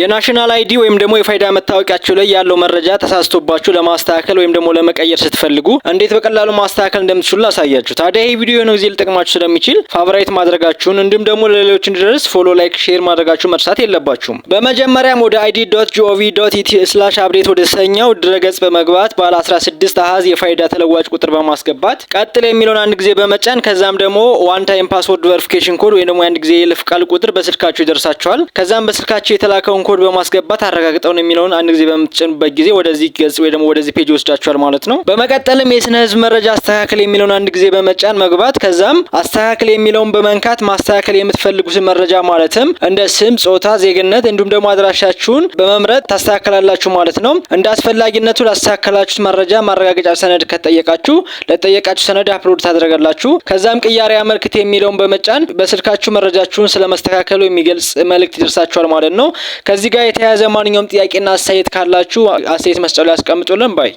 የናሽናል አይዲ ወይም ደግሞ የፋይዳ መታወቂያቸው ላይ ያለው መረጃ ተሳስቶባችሁ ለማስተካከል ወይም ደግሞ ለመቀየር ስትፈልጉ እንዴት በቀላሉ ማስተካከል እንደምትችሉ ላሳያችሁ። ታዲያ ይህ ቪዲዮ የሆነ ጊዜ ሊጠቅማችሁ ስለሚችል ፋቨራይት ማድረጋችሁን እንዲሁም ደግሞ ለሌሎች እንዲደርስ ፎሎ፣ ላይክ፣ ሼር ማድረጋችሁ መርሳት የለባችሁም። በመጀመሪያም ወደ አይዲ ዶት ጂኦቪ ዶት ኢቲ ስላሽ አፕዴት ወደ ሰኛው ድረገጽ በመግባት ባለ 16 አሀዝ የፋይዳ ተለዋጭ ቁጥር በማስገባት ቀጥል የሚለውን አንድ ጊዜ በመጫን ከዛም ደግሞ ዋን ታይም ፓስወርድ ቨሪፊኬሽን ኮድ ወይም ደግሞ የአንድ ጊዜ የይለፍ ቃል ቁጥር በስልካችሁ ይደርሳችኋል። ከዛም በስልካችሁ የተላከውን ያለውን ኮድ በማስገባት አረጋግጠውን የሚለውን አንድ ጊዜ በምትጭንበት ጊዜ ወደዚህ ገጽ ወይ ደግሞ ወደዚህ ፔጅ ይወስዳችኋል ማለት ነው። በመቀጠልም የስነ ህዝብ መረጃ አስተካከል የሚለውን አንድ ጊዜ በመጫን መግባት ከዛም አስተካከል የሚለውን በመንካት ማስተካከል የምትፈልጉትን መረጃ ማለትም እንደ ስም፣ ጾታ፣ ዜግነት እንዲሁም ደግሞ አድራሻችሁን በመምረጥ ታስተካከላላችሁ ማለት ነው። እንደ አስፈላጊነቱ ላስተካከላችሁት መረጃ ማረጋገጫ ሰነድ ከጠየቃችሁ ለጠየቃችሁ ሰነድ አፕሎድ ታደረገላችሁ። ከዛም ቅያሬ አመልክት የሚለውን በመጫን በስልካችሁ መረጃችሁን ስለመስተካከሉ የሚገልጽ መልእክት ይደርሳችኋል ማለት ነው። ከዚህ ጋር የተያያዘ ማንኛውም ጥያቄና አስተያየት ካላችሁ አስተያየት መስጫ ላይ ያስቀምጡልን ባይ